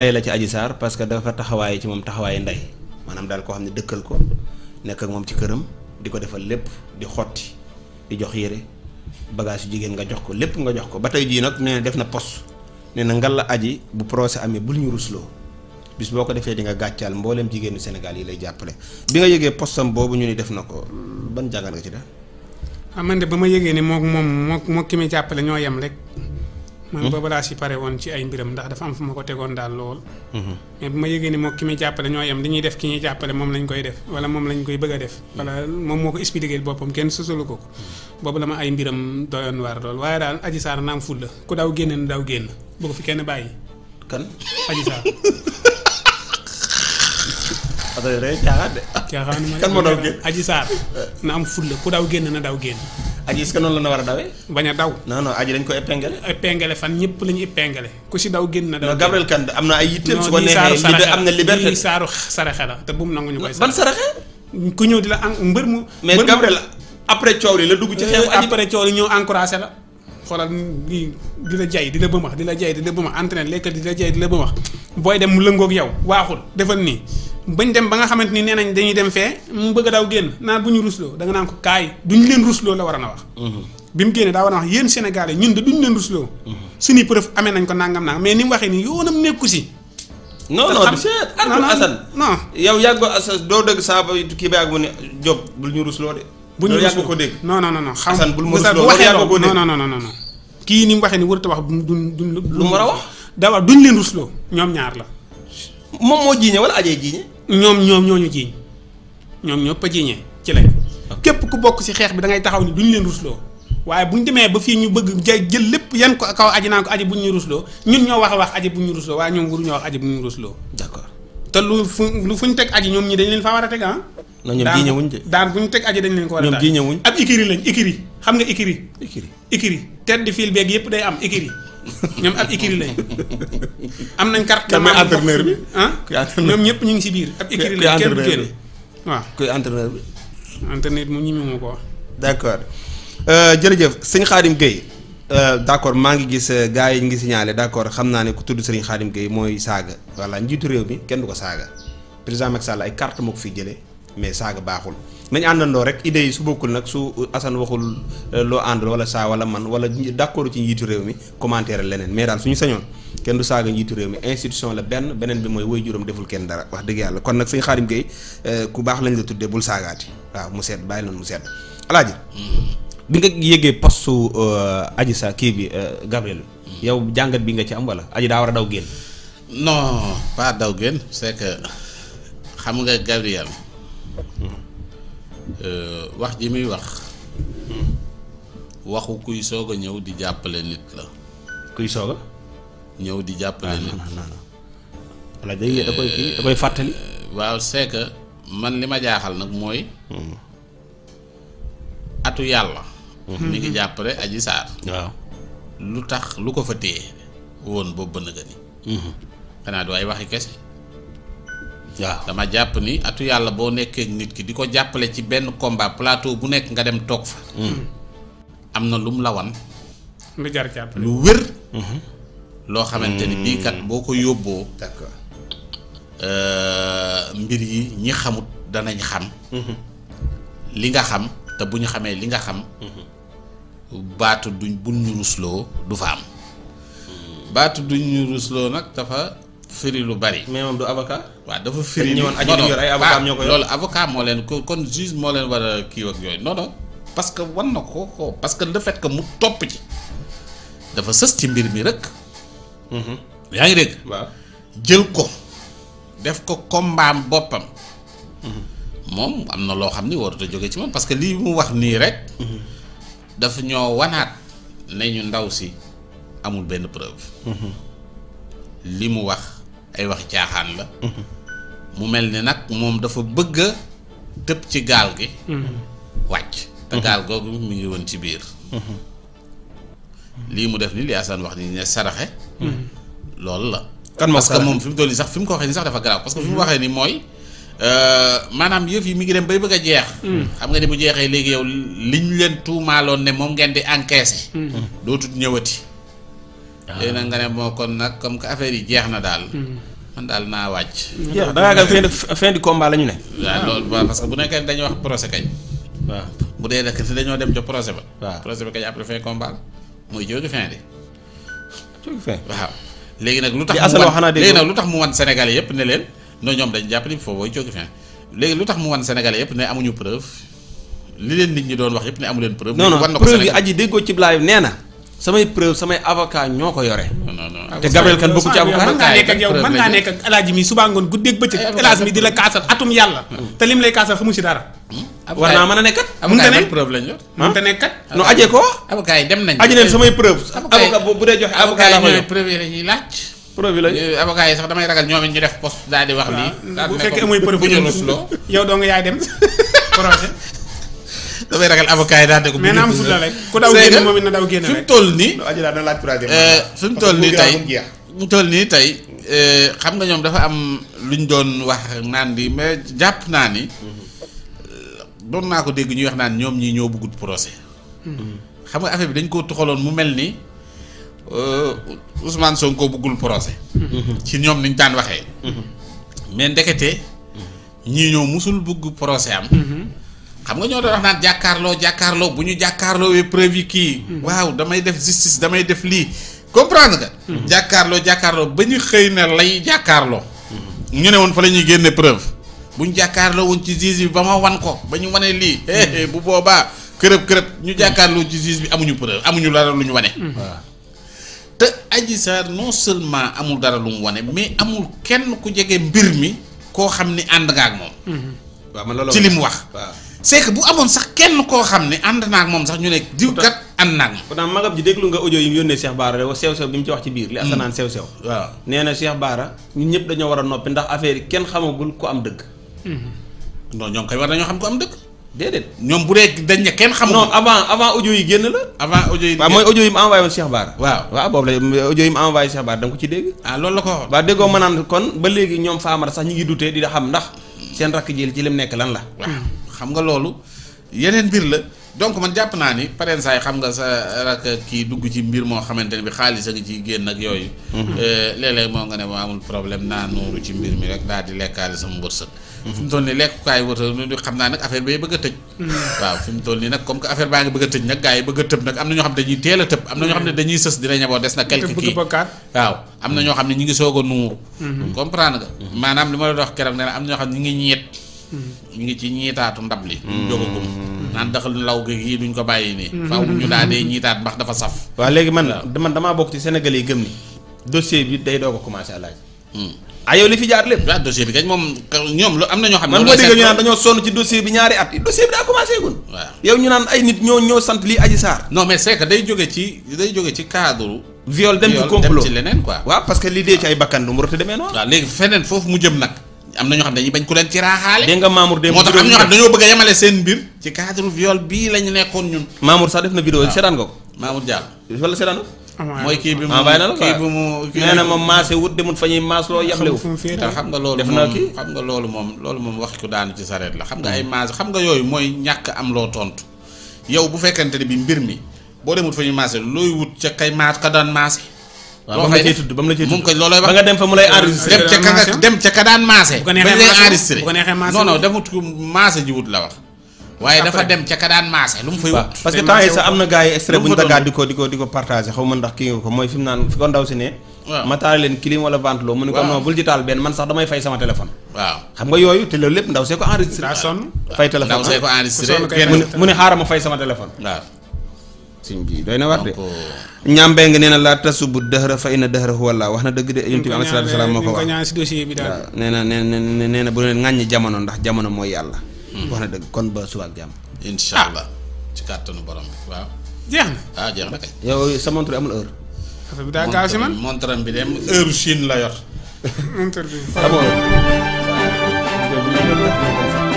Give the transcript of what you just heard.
ndey la ci Adji saar parce que dafa taxawaay ci moom taxawaayu ndey maanaam daal koo xam ne dëkkal ko nekk ak moom ci këram di ko defal lépp di xotti di jox yére bagage yu jigéen nga jox ko lépp nga jox ko ba tey jii nag nee def na pos nee na ngal la aji bu procès amee bul ñu rusloo bis boo ko defee di nga gàccaal mbooleem jigéenu Sénégal yi lay jàppale bi nga yëgee postam boobu ñu ni def na ko ban jàngal nga ci def. ah ba ma yëgee ne moom moom moo moo ki muy jàppale ñoo yem rek. man booba hmm? laa pare woon ci ay mbiram ndax dafa am fu ma ko tegoon daal lool. Hmm. mais bu ma yëgee ni moom ki muy jàppale ñoo yam li ñuy def ki ñuy jàppale moom lañ koy def wala moom lañ koy bëgg a def. wala moom moo ko expliqué boppam kenn susalu ko ko. Hmm. boobu la ma ay mbiram doyoon waar lool waaye daal Adji Sarr naam ful ku daw génne na daw génn bu ko fi kenn bàyyi. kan Adji de. caaxaan ma ne na am ful ku daw génn na daw génn. aji est noonu la na war a dawee. bañ a daw. non non aji dañ ko épinglé. épinglé fan ñëpp la ñu épinglé ku si daw génn na. daw Gabriel Kane am na ay yitteem. su ko neexee am na saaru saraxe la te bu mu nangu ñu koy. ban saraxe. ku ñëw di la mbër mu. mais Gabriel après coow la dugg ci xeexu aji après coow li ñëw encouragé la. xoolal di di la jay di la bëmax di la jay di la bëmax entraîné lekk di la jay di la bëmax booy dem mu lëngoog yow waaxul defal nii bañ dem ba nga xamante ni nee nañ dañuy dem fee mu bëgg a daw génn naan bu ñu rusloo da nga naan ko kaay duñ leen rusloo la war a na wax. Mhm. bi mu génnee daa war a wax yéen ñun duñ leen rusloo. Mhm. amee nañ ko nangam nangam mais ni mu waxee nii yoonam nekku si. non non monsieur Arnaud Assane non yow yàgg Assane doo dëgg saa ba kii ba yàgg mu ne Diop bul ñu rusloo de. bu ñu rusloo ko dégg. non non non xam Assane ma rusloo loolu yàgg ko dégg non non non kii ni mu waxee ni warut a wax du duñ lu mu war a wax. dawal duñ leen rusloo ñoom ñaar la moom moo jiiñe wala ajee jiiñe ñoom ñoom ñoo ñu jiiñ ñoom ñoo pajiñee ci lañ képp ku bokk si xeex bi da ngay taxaw ni duñ leen rusloo waaye bu ñu demee ba fii ñu bëgg jël lépp yan ko kaw aji naan ko aji bu ñu rusloo ñun ñoo wax a wax aji buñ ñu rusloo waaye ñoom waruñoo wax aji buñ ñu rusloo d'accord te lu fu lu ñu teg aji ñoom ñi dañ leen faa war a teg ah non ñoom jiiñe wuñ de daan bu ñu teg aji dañ leen ko war a ñoom jiiñe wuñ ab ikiri lañ ikiri xam nga ikiri ikiri ikiri tête de file beeg yëpp day am ikiri ñoom ab écurie lañ am nañ carte. kan mooy bi ah. kuy entraîneur ñoom ñëpp ñu ngi si biir. ab écurie lañ bi. entraîneur bi mu ñi ko wax. d' accord euh, jërëjëf sëñ Xaadim Gueye. Euh, d' accord maa ngi gis euh, gars yi ñu ngi signalé d' accord xam naa ne ku tudd sëriñ Xaadim Gueye mooy saaga. voilà njiitu réew mi kenn du ko saaga président Macky Sall ay carte moo ko fi jëlee. mais saaga baaxul nañ àndandoo rek idée yi su bokkul nag su Assane waxul euh, loo àndul wala saa wala man wala d'accord ci njiitu réew mi commentaire leneen mais daal suñu sañoon kenn du saaga njiitu réew mi institution la benn beneen bi mooy woy juróom deful kenn dara wax dëgg yàlla kon nag sëñ Xaadim Gueye euh, ku baax lañ la tuddee bul saagaati waaw mu sedd bàyyi noonu mu sedd alaaj bi nga yëgee postu euh, aji sa kii bi Gabriel yow jàngat bi nga ci am wala aji daa a daw génn non pas daw génn c'est nga Gabriel Euh, wax ji muy wax waxu kuy soog a ñëw di jàppale nit la kuy soog a ñëw di jàppale ah, nit euh, waaw c'est man li ma jaaxal nag mooy hmm. atu yàlla hmm. mi ngi jàppale aji saar lu tax lu ko fa téye woon boobu bënn hmm. xanaa du ay waxi kese waaw dama jàpp ni atu yàlla boo nekkee nit ki di ko jàppale ci benn combat plateau bu nekk nga dem toog fa. Hmm. am na lu mu la lu jar jàppale lu wér. Hmm. loo xamante ni bii kat boo ko yóbboo. d'accord euh, mbir yi ñi xamut danañ xam. Hmm. li nga xam te bu ñu xamee li nga xam. baatu duñ ñu rusloo du fa am. baatu duñ ñu rusloo nag dafa. firi lu bari. mais moom du avocat. waaw dafa firi ñëwoon aji di yor ay ah, avocat leen ko kon juge moo leen war a yooyu non parce que wan na ko ko parce que le fait mu topp ci dafa sës ci mbir mi rek. Mhm. yaa ngi dégg. waaw jël ko def ko kombaam boppam. Mhm. moom am na loo xam ni warut a jóge ci moom parce que lii mu wax nii rek. Mhm. dafa ñoo wanaat ne ndaw si amul benn preuve. li mu wax. ay waxi caaxaan la mu mel ni nag moom dafa bëgg a tëb ci gaal gi wàcc te gaal googu mu ngi woon ci biir lii mu def ni li Assane wax ni ne saraxe loolu la kan parce que moom fi mu toll nii sax fi mu ko waxee nii sax dafa garaaw parce que fi waxee ni mooy euh, maanaam yëf yi mi ngi dem bay bëgg a jeex. xam nga ni bu jeexee léegi yow liñ leen tuumaaloon ne moom ngeen di encaissé. Hmm. dootul ñëwati. Ah. léegi nag nga ne moo kon nag comme que affaire yi jeex na daal. Hmm. man daal naa wàcc. jeex hmm. da ngaa fin de la ñu ne. Ah. parce que bu nekkee dañuy wax procès kañ. waaw bu dee rek dañoo dem ca procès ba. waaw procès ba mooy jóge fin de. jóge nag lu tax mu wan léegi nag lu tax mu wan Sénégalais yëpp ne leen non ñoom dañ jàpp ni foofu mooy jóge lu tax mu wan Sénégalais yëpp ne amuñu preuve li leen nit ñi doon wax yëpp ne amu leen preuve. war na ko ci live nee na. samay preuve samay avocat ñoo ko yore. te Gabriel Kane bokku ci avocat mën ngaa nekk ak yow mën ngaa nekk ak alaaji mi subaa ngoon guddeeg bëccëg alaaji mi di la kaasal atum yàlla. Hmm. te lim lay kaasal xamu si dara. Hmm? war naa mën a nekkat. avocat yi preuve lañ yor mën ta nekkat. Hmm? non ko. avocat yi dem nañ aji leen samay preuve. avocat bu dee joxe avocat la ñooy preuve yi lañuy laaj. preuve yi yi sax damay ragal ñoom ñu def poste daal di wax lii. bu fekkee amuy preuve yow doo nga yaay dem projet damay ragal avocat yi daal de ko. mais naam fulla rek ku daw génn moom it na daw génn rek euh, fi mu toll nii. fi mu toll nii tey fi euh, xam nga ñoom dafa am lu ñu doon wax naan di mais jàpp naa ni. Euh, doon naa ko dégg ñuy wax naan ñoom ñii ñoo bëggut procès. Mm-hmm. xam nga affaire bi dañ koo tuxaloon mu mel ni Ousmane Sonko bëggul procès. Mm-hmm. ci ñoom niñ daan waxee. Mm-hmm. mais ndekete. ñii ñoo musul bëgg procès am. xam nga ñoo doon wax naan jàkkaarloo jàkkaarloo bu ñu jàkkaarloo wee preuve yi kii. Mm-hmm. waaw damay def justice damay def lii comprendre nga. Mm-hmm. jàkkaarloo jàkkaarloo ba ñu xëy na lay jàkkaarloo. Mm-hmm. ñu ne woon fa la ñuy génne preuve bu ñu jàkkaarloo woon ci juge bi ba ma wan ko ba ñu wane lii. Eh, eh, bu boobaa kërëb kërëb ñu jàkkaarloo ci juge bi amuñu preuve amuñu dara lu ñu wane. te Adji Sarr non seulement amul dara lu mu wane mais amul kenn ku jege mbir mi koo xam ni ànd li mu wax. c'est bu amoon sax kenn koo xam ne ànd naag moom sax ñu ne diw kat ànd naag moom. pourtant magam ji déglu nga audio yi mu yónnee Cheikh Baara wa sew sew wax ci biir. li hmm. asanaan sew sew. ñëpp dañoo war a noppi ndax affaire yi kenn xamagul ku am dëgg. Hmm. non ñoom kay war nañoo xam ku am dëgg. bu dee dañ kenn xamul. non avant avant audio yi génn la. avant audio yi waaw mooy audio yi mu envoyé woon Cheikh Baara. waaw waaw boobu la audio yi mu envoyé ko ah, loolu la ko wax. waaw déggoo ma naan kon ba léegi ñoom Famara sax ñi ngi dutee di xam ndax seen rakk ji ci lim nekk lan la. waaw hmm. xam nga loolu yeneen mbir la donc man jàpp naa ni pareen saa xam nga sa rak kii dugg ci mbir moo xamante ne bi xaalis a ngi ciy génn ak yooyu. Mhm. Euh, léeg-léeg moo nga ne ma amul problème naa nooru ci mbir mi rek daal di lekkaale sama wërsëg. Mhm. fi mu toll nii lekkukaay wërsëg xam naa nag affaire bay bëgg a tëj. Mhm. waaw fi toll nii nag comme que affaire baa ngi bëgg a tëj nag gars yi bëgg a tëb nag am na ñoo xam ne dañuy a ñoo xam ne sës dina ñaboo des na. quelque kii waaw am na ñoo ñu ngi soog a nuuru. comprendre maanaam li ma la wax keroog am na ñoo xam ñu ngi ci ñiitaatu ndab li mm. jógagum naan daxal law gi yii duñ ko bàyyi nii mm. faaw ñu daa dee ñiitaat mbax dafa saf waa léegi man man damaa bokk ci senegal yi gëm ni dossier bi day doo a commencé à laaj mm. ah yow li fi jaar lépp waaw dossier bi kañ moom ñoom lu am na ñoo xam man moo dégg ñu ci dossier bi ñaari at dossier bi daa commencé gun waaw yow ñu naan ay nit ñoo ñoo sant lii Adji Sarr non mais day jóge ci day jóge ci cadre viol dem ci complot dem ci parce que lii dee ci ay bakkan du mu rëtt demee noonu waaw léegi feneen foofu mu jëm nag am na ñoo xam dañuy bañ ku leen ci raaxaale. dégg nga Mamour démb moo tax dañoo bëgg a yemale seen mbir. ci cadre viol bii la ñu nekkoon ñun. Mamour sax def na vidéo seetaan nga ko. Mamour Diallo wala seetaan ah, mooy kii bi mu ah, kii bi mu kii nee na moom maase wut demul fa ñuy maas loo yaxlewu xam nga loolu moom loolu moom loolu moom wax ku daanu ci sareet la xam nga ay mm. maase xam nga yooyu mooy ñàkk am loo tontu yow bu fekkente ne bi mbir mi boo demul fa ñuy maase looy wut ca kay maas ka daan maase waaw ba mu la cee tudd ba mu la cee tudd moom koy loolooy wax ba nga dem fa mu lay enregistré dem ca ka nga dem ca ka daan maase ba ñu lay enregistré non maase ji wut la wax waaye dafa dem ca ka daan maase lu mu fay wut parce na gars yi extrait xaw ma ndax kii nga ko mooy fi naan fi ko ndaw si ne waaw leen clim wala vente loo mu ne ko non bul ci benn man sax damay fay sama téléphone waaw xam nga yooyu te loolu lépp ndaw see ko enregistré fay téléphone ndaw see mu ne xaaral ma fay suñ bi doy na war de ñaambeng nee na laa tasubu dëhra fa inna dëhra huwa Allah wax na dëgg de yonent bi alayhi wax ñaan si dossier bi daal nee na nee nee na bu leen ŋàññi jamono ndax jamono mooy yàlla hmm. wax na dëgg kon ba suba ak jàmm incha ah. allah ci kàttanu borom bi waaw jeex na ah, yow sa montre amul heure affaire bi daa gaaw si man montre bi dem heure Chine la yor